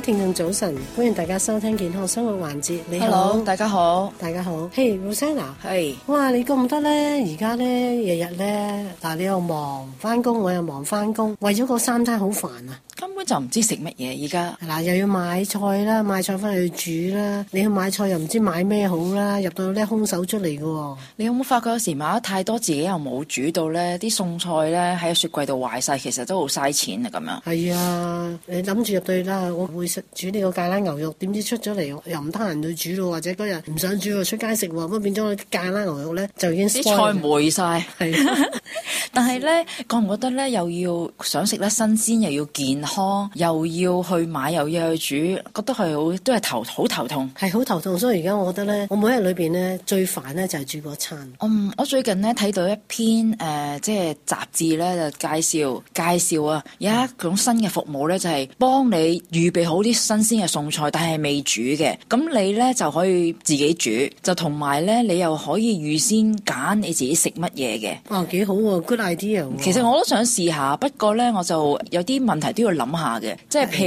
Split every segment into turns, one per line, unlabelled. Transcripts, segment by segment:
聽眾早晨，歡迎大家收聽健康生活環節。你好，Hello，大家好，大家好。嘿、hey，Rosanna 係、hey，哇，你覺唔覺得咧？而家咧，日日咧，嗱，你又忙翻工，我又忙翻工，為咗個三餐，好煩啊！根本就唔知食乜嘢，而家嗱，又要買菜啦，買菜翻去煮啦。你要買菜又唔知買咩好啦。入到呢，空手出嚟嘅喎。你有冇發覺有時買得太多，自己又冇煮到呢啲餸菜
呢？喺雪櫃度壞晒，其實都好嘥錢啊。咁樣
係啊，你諗住入到去啦，我會食煮呢個芥蘭牛肉，點知出咗嚟又唔得閒去煮咯，或者嗰日唔想煮又出街食喎，咁變咗芥蘭牛肉呢，就已經啲菜壞晒。係呀、 但係呢，
覺唔覺得呢，又要想食得新鮮，又要健康？又要去買，又要去煮，覺得係好，都係頭好頭痛，係好頭痛。所以而家我覺得咧，我每日裏邊咧最煩咧就係煮個餐。嗯，我最近咧睇到一篇誒、呃，即係雜誌咧就介紹介紹啊，有一種新嘅服務咧，就係、是、幫你預備好啲新鮮嘅餸菜，但係未煮嘅，咁你咧就可以自己煮，就同埋咧你又可以預先揀你自己食乜嘢嘅。
哦，幾好喎、啊，good idea、啊。其實
我都想試下，不過咧我就有啲問題都要諗。下嘅，即係譬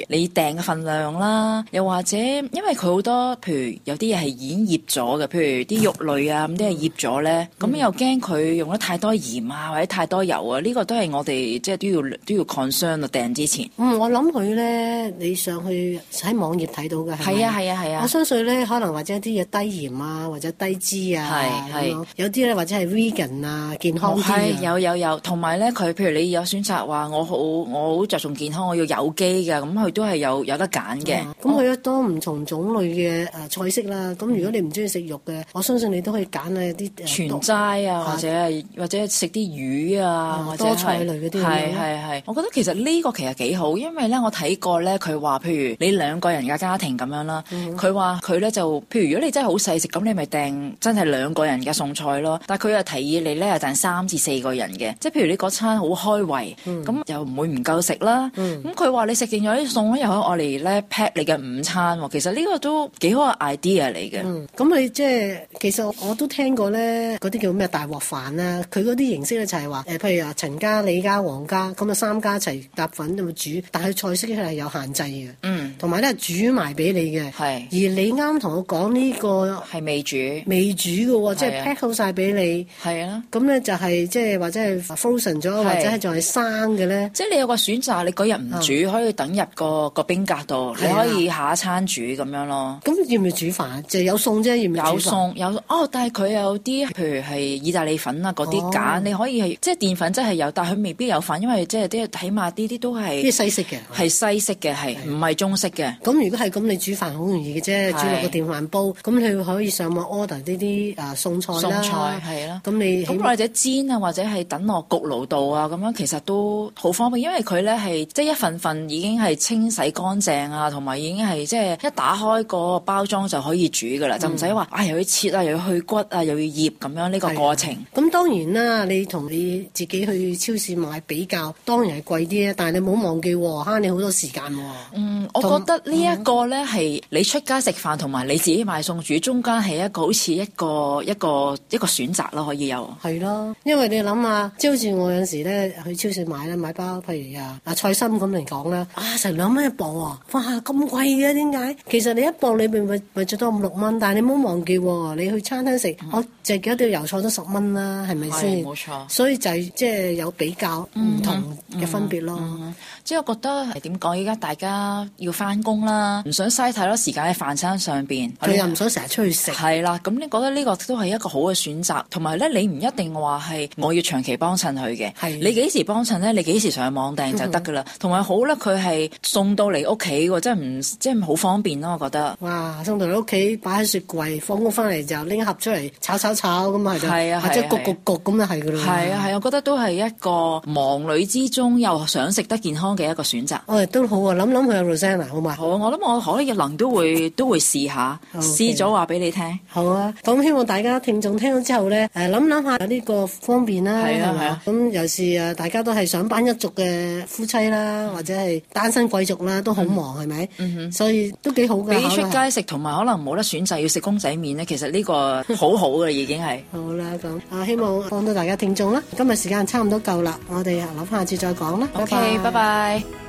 如你訂嘅份量啦，又或者因為佢好多，譬如有啲嘢係醃醃咗嘅，譬如啲肉類啊，咁啲係醃咗咧，咁又驚佢用得太多鹽啊或者太多油啊，呢、呢個都係我哋即係都要都要 concern 啊訂之前。
嗯，我諗佢咧，你上去喺網頁睇到嘅，係啊係啊係啊。我相信咧，可能或者啲嘢低鹽啊或者低脂啊，係係 you know、啊啊。有啲咧或者係 vegan 啊健康啲有有有，同
埋咧佢譬如你有選擇話我好我好著重健康。我要有機嘅，咁佢都係有有得揀嘅。
咁、啊、佢、嗯哦、有多唔同種類嘅誒菜式啦。咁如果你唔中意食肉嘅、嗯，我相信你都可以揀下啲全齋啊，啊或者係或者食啲魚啊，
啊或者菜類嗰啲。係係
係。我覺得其實呢個其實幾好，因為咧我睇過咧，佢話譬如你兩個人嘅家庭咁樣啦，佢話佢咧就譬如如果你真係好細食，咁你咪訂真係兩個人嘅餸菜咯、嗯。但係佢又提議你咧，又訂三至四個人嘅，即係譬如你嗰餐好開胃，咁、嗯、又唔會唔夠食啦。嗯。咁佢話你食完咗啲餸又可以我嚟咧 pack 你嘅午餐。其實呢個都幾好嘅 idea 嚟嘅。
咁、嗯、你即係其實我都聽過咧，嗰啲叫咩大鑊飯啦、啊，佢嗰啲形式咧就係、是、話、呃、譬如呀，陳家、李家、王家咁啊三家一齊搭份咁煮，但係菜式咧係有限制嘅。嗯，同埋咧係煮埋俾你嘅。係。而你啱同我講呢、這個係未煮，未煮嘅喎、哦，即係 pack 好晒俾你。係啊。咁咧就係、是、即係或者係 frozen 咗，或者係仲係生嘅咧。即係你有個選擇，你嗰唔煮、
嗯、可以等入個，個冰格度、啊，你可以下一餐煮咁樣咯。咁要唔要煮飯啫、就係？有餸啫，要唔要煮飯？有餸有哦，但係佢有啲，譬如係意大利粉啊嗰啲揀，你可以係即係澱粉真係有，但係佢未必有飯，因為即係啲起碼呢啲都係即係西式嘅，係西式嘅係，唔係
中式嘅。咁如果係咁，你煮飯好容易嘅啫，煮落個電飯煲，咁你會可以上網 order 呢啲啊餸菜，餸菜係啦。咁、啊、你，或者煎啊，或者係等落焗爐度
啊，咁樣其實都好方便，因為佢咧係一份份已經係清洗乾淨啊，同埋已經係即係一打開個包裝就可以煮噶啦、嗯，就唔使話，哎又要切啊，又要去骨啊，又要醃咁樣呢、這個過程。
咁當然啦，你同你自己去超市買比較，當然係貴啲啊，但係你冇忘記、喎，慳你好多時間喎、喎。嗯，我
覺得呢一個呢係你出街食飯同埋你自己買餸煮中間係一個好似一個一個一個選擇咯，可以有。
係咯，因為你諗下，即係好似我有時呢去超市買啦，買包譬如啊嗱菜心。咁嚟講咧，啊成兩蚊一磅喎，哇咁貴嘅點解？其實你一磅裏邊咪咪最多五六蚊，但你你唔好忘記喎，你去餐廳食、嗯，我淨係記得條油菜都十蚊啦，係咪先？冇、嗯、錯。所以就係即係有比較唔同嘅分別咯、嗯嗯嗯嗯嗯嗯。即係我覺得點講？依家大家要
翻工啦，唔想嘥太多時間喺飯餐上邊，你又唔想成日出去食。係啦，咁你覺得呢個都係一個好嘅選擇，同埋咧你唔一定話係我要長期幫襯佢嘅。你幾時幫襯咧？你幾時上網訂就得㗎啦。嗯嗯同埋好咧，佢係送到嚟屋企喎，
真係唔，即係好方便咯。我覺得。哇，送到嚟屋企擺喺雪櫃，放工翻嚟就拎一盒出嚟炒炒炒咁啊，係。係啊係或者焗焗焗咁就係㗎啦。係啊係啊，啊啊啊
我覺得都係一個忙裏之中又想食得健康嘅一個選擇。哋、
哎、都好啊，諗諗佢 Rosanna 好
唔好啊，我諗我可能都會都會試下， 試咗話俾你聽。
好啊，咁、嗯、希望大家聽眾聽到之後咧，諗諗下呢個方便啦，係咪啊？咁又是，是、啊是，啊、是大家都係上班一族嘅夫妻啦。或者係單身貴族啦，都好忙係咪，嗯哼？所以都幾好嘅。你出街
食同埋可能冇得選擇要食公仔麵咧，其實呢個好好嘅已經係。
好啦，咁、嗯、啊，希望幫到大家聽眾啦。今日時間差唔多夠啦，我哋諗翻下次再講啦。OK，拜拜。拜拜。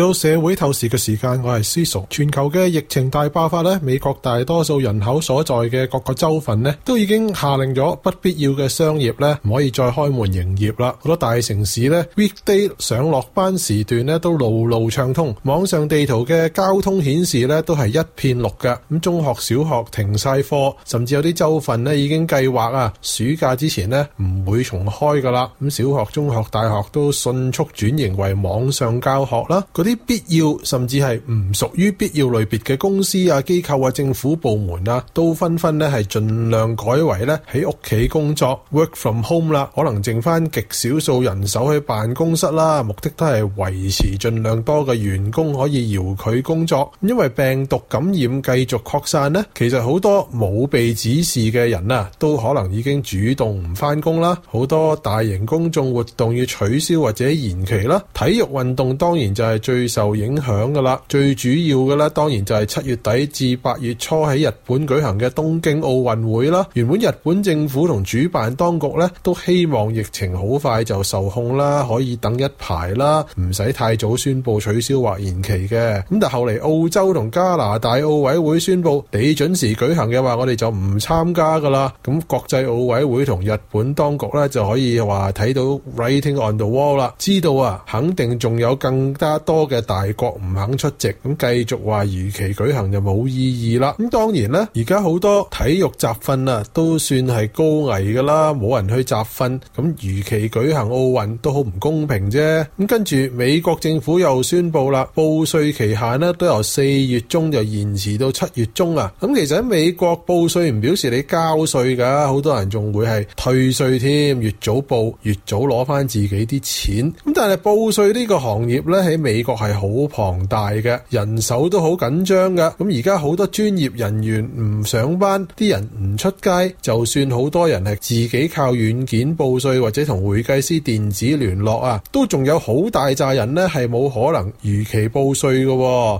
到社會透視嘅時間，我係思熟。全球嘅疫情大爆發咧，美國大多數人口所在嘅各個州份咧，都已經下令咗不必要嘅商業咧唔可以再開門營業啦。好多大城市咧 weekday 上落班時段咧都路路暢通，網上地圖嘅交通顯示咧都係一片綠嘅。咁中學、小學停晒課，甚至有啲州份咧已經計劃啊暑假之前咧唔會重開噶啦。咁小學、中學、大學都迅速轉型為網上教學啦。啲啲必要甚至係唔屬於必要類別嘅公司啊、機構啊、政府部門啊，都紛紛咧係盡量改為咧喺屋企工作 work from home 啦。可能剩翻極少數人手去辦公室啦，目的都係維持盡量多嘅員工可以遙距工作。因為病毒感染繼續擴散咧，其實好多冇被指示嘅人啊，都可能已經主動唔翻工啦。好多大型公眾活動要取消或者延期啦。體育運動當然就係最最受影響噶啦，最主要嘅咧，當然就係七月底至八月初喺日本舉行嘅東京奧運會啦。原本日本政府同主辦當局咧都希望疫情好快就受控啦，可以等一排啦，唔使太早宣佈取消或延期嘅。咁但後嚟澳洲同加拿大奧委會宣布，你準時舉行嘅話，我哋就唔參加噶啦。咁國際奧委會同日本當局咧就可以話睇到 writing on the wall 啦，知道啊，肯定仲有更加多。多嘅大國唔肯出席，咁繼續話如期舉行就冇意義啦。咁當然啦，而家好多體育集訓啊，都算係高危噶啦，冇人去集訓，咁如期舉行奧運都好唔公平啫。咁跟住美國政府又宣布啦，報稅期限咧都由四月中就延遲到七月中啊。咁其實喺美國報稅唔表示你交稅噶，好多人仲會係退稅添，越早報越早攞翻自己啲錢。咁但係報稅呢個行業咧，喺美國。係好龐大嘅，人手都好緊張噶。咁而家好多專業人員唔上班，啲人唔出街，就算好多人係自己靠軟件報稅或者同會計師電子聯絡啊，都仲有好大扎人咧係冇可能如期報稅嘅。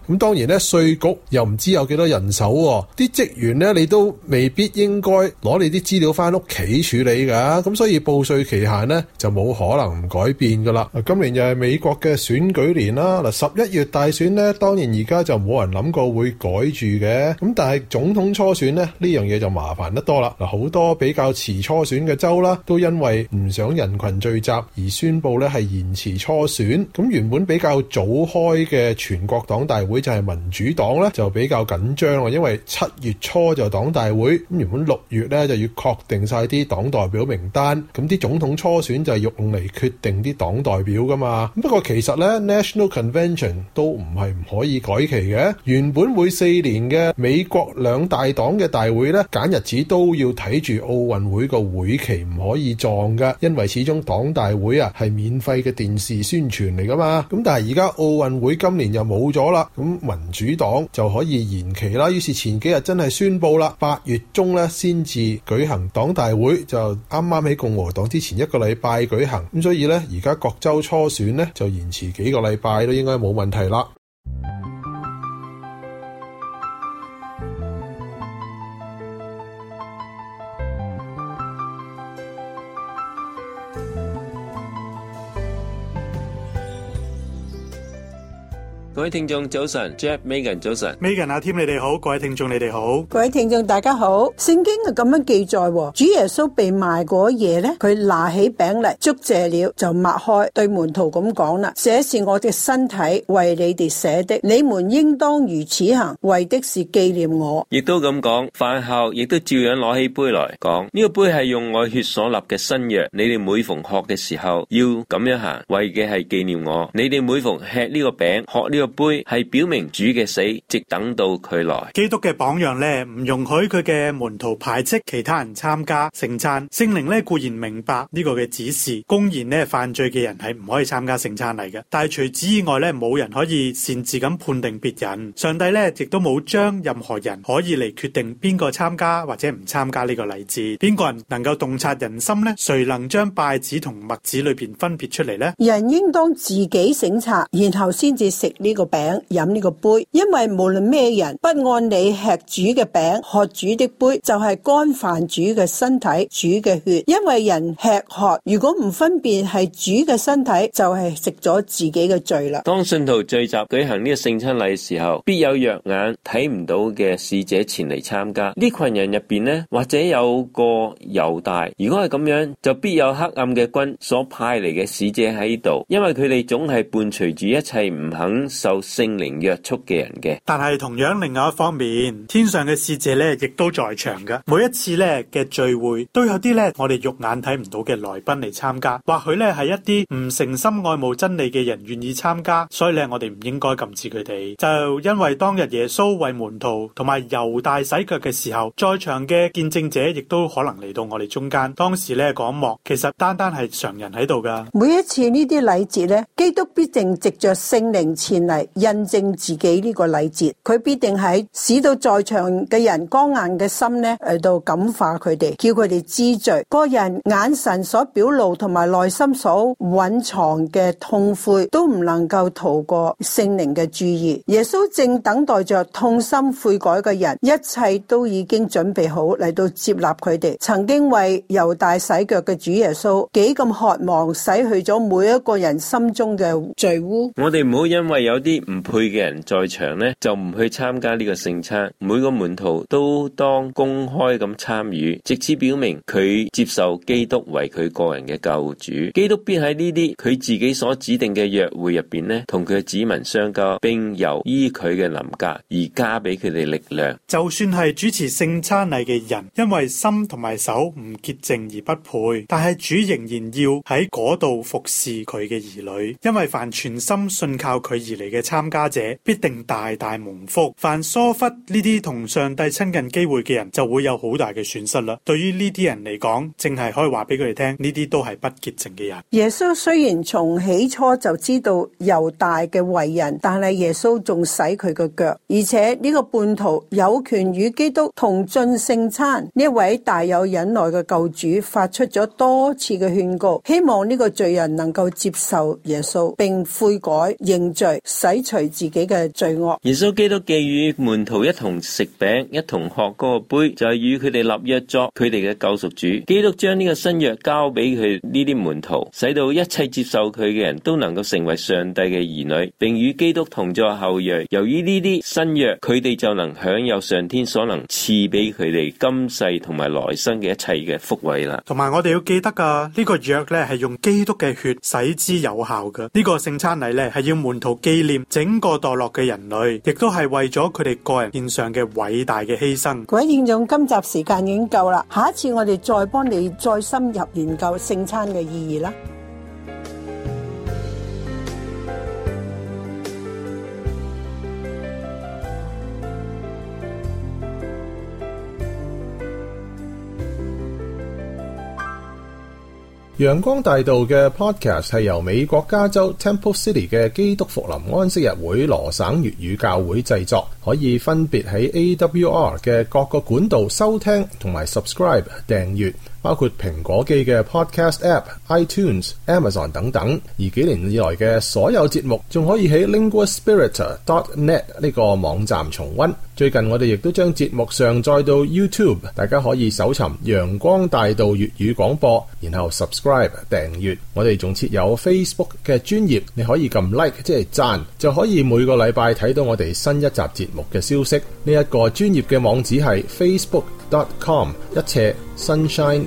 咁當然咧，稅局又唔知有幾多人手，啲職員咧你都未必應該攞你啲資料翻屋企處理噶。咁所以報稅期限咧就冇可能唔改變噶啦。今年又係美國嘅選舉年啦。嗱、啊，十一月大選咧，當然而家就冇人諗過會改住嘅。咁但係總統初選咧，呢樣嘢就麻煩得多啦。嗱，好多比較遲初選嘅州啦，都因為唔想人群聚集而宣布咧係延遲初選。咁原本比較早開嘅全國黨大會就係民主黨咧，就比較緊張啊，因為七月初就黨大會，咁原本六月咧就要確定晒啲黨代表名單。咁啲總統初選就係用嚟決定啲黨代表噶嘛。不過其實咧，National Cond-。都唔係唔可以改期嘅，原本每四年嘅美國兩大黨嘅大會咧，揀日子都要睇住奧運會個會期唔可以撞㗎，因為始終黨大會呀係免費嘅電視宣傳嚟㗎嘛。咁但係而家奧運會今年又冇咗啦，咁民主黨就可以延期啦。於是前幾日真係宣布啦，八月中咧先至舉行黨大會，就啱啱喺共和黨之前一個禮拜舉行。咁所以咧，而家各州初選咧就延遲幾個禮拜。應該冇問題啦。
各位聽眾早晨，Jack Megan 早晨，Megan 阿添，你哋好，各位聽眾你哋好，
各位聽眾大家好。聖經係咁樣記載，主耶穌被賣嗰夜咧，佢拿起餅嚟，祝謝了，就擘開，對門徒咁講啦：，這是我的身體，為你哋捨的，你們應當如此行，為的是紀念我。
亦都咁講，飯後亦都照樣攞起杯來講，呢個杯係用我血所立嘅新約，你哋每逢喝嘅時候要咁樣行，為嘅係紀念我。你哋每逢吃呢個餅，喝呢個。杯係表明主嘅死，直等到佢來。
基督嘅榜樣咧，唔容許佢嘅門徒排斥其他人參加聖餐。聖靈咧固然明白呢個嘅指示，公然咧犯罪嘅人係唔可以參加聖餐嚟嘅。但係除此以外咧，冇人可以擅自咁判定別人。上帝咧亦都冇將任何人可以嚟決定邊個參加或者唔參加呢個例子。邊個人能夠洞察人心咧？誰能將稗子同麥子裏邊分別出嚟咧？
人應當自己省察，然後先至食呢個。個餅飲呢個杯，因為無論咩人不按理吃主嘅餅喝主的杯，就係干犯主嘅身體，主嘅血。因為人吃喝，如果唔分辨係主嘅身體，就係食咗自己嘅罪啦。
當信徒聚集舉行呢個聖餐禮時候，必有肉眼睇唔到嘅使者前嚟。參加呢群人入邊呢，或者有個猶大。如果係咁樣，就必有黑暗嘅軍所派嚟嘅使者喺度，因為佢哋總係伴隨住一切唔肯受有聖靈約束嘅人嘅，
但係同樣另外一方面，天上嘅使者咧亦都在場噶。每一次咧嘅聚會，都有啲咧我哋肉眼睇唔到嘅來賓嚟參加，或許咧係一啲唔誠心愛慕真理嘅人願意參加，所以咧我哋唔應該禁止佢哋。就因為當日耶穌為門徒同埋猶大洗腳嘅時候，在場嘅見證者亦都可能嚟到我哋中間。當時咧講望，其實單單係常人喺度噶。
每一次禮節，呢啲禮節咧，基督必定藉着聖靈前嚟。印證自己呢個禮節，佢必定喺使到在場嘅人剛硬嘅心呢嚟到感化佢哋，叫佢哋知罪。個人眼神所表露同埋內心所蘊藏嘅痛悔，都唔能夠逃過聖靈嘅注意。耶穌正等待着痛心悔改嘅人，一切都已經準備好嚟到接納佢哋。曾經為猶大洗腳嘅主耶穌，幾咁渴望洗去咗每一個人心中嘅罪污。
我哋唔好因為有啲。啲唔配嘅人在場呢，就唔去參加呢個聖餐。每個門徒都當公開咁參與，借此表明佢接受基督為佢個人嘅救主。基督必喺呢啲佢自己所指定嘅約會入邊呢，同佢嘅子民相交，並由依佢嘅臨格而加俾佢哋力量。
就算係主持聖餐禮嘅人，因為心同埋手唔潔淨而不配，但係主仍然要喺嗰度服侍佢嘅兒女，因為凡全心信靠佢而嚟嘅。參加者必定大大蒙福，凡疏忽呢啲同上帝親近機會嘅人，就會有好大嘅損失啦。對於呢啲人嚟講，淨係可以話俾佢哋聽，呢啲都係不潔淨嘅人。
耶穌雖然從起初就知道猶大嘅為人，但係耶穌仲洗佢嘅腳，而且呢個叛徒有權與基督同進聖餐。呢位大有忍耐嘅救主，發出咗多次嘅勸告，希望呢個罪人能夠接受耶穌，並悔改認罪。洗除自己嘅罪
惡。耶穌基督寄予門徒一同食餅，一同喝個杯，就係與佢哋立約作佢哋嘅救贖主。基督將呢個新約交俾佢呢啲門徒，使到一切接受佢嘅人都能夠成為上帝嘅兒女，並與基督同作後裔。由於呢啲新約，佢哋就能享有上天所能賜俾佢哋今世同埋來生嘅一切嘅福惠啦。
同埋我哋要記得噶，呢個約咧係用基督嘅血使之有效噶。呢個聖餐禮咧係要門徒記。整個墮落嘅人類，亦都係為咗佢哋個人獻上嘅偉大嘅犧牲。
各位先生，今集時間已經夠啦，下一次我哋再幫你再深入研究聖餐嘅意義啦。
陽光大道嘅 podcast 係由美國加州 Temple City 嘅基督復臨安息日會羅省粵語教會製作，可以分別喺 AWR 嘅各個管道收聽同埋 subscribe 訂閱。訂閱包括蘋果機嘅 Podcast App、iTunes、Amazon 等等，而幾年以來嘅所有節目仲可以喺 linguaspirit.net 呢個網站重溫。最近我哋亦都將節目上載到 YouTube，大家可以搜尋陽光大道粵語廣播，然後 subscribe 訂閱。我哋仲設有 Facebook 嘅專頁，你可以撳 like 即係讚，就可以每個禮拜睇到我哋新一集節目嘅消息。呢一個專頁嘅網址係 facebook.com 一斜 Sunshine。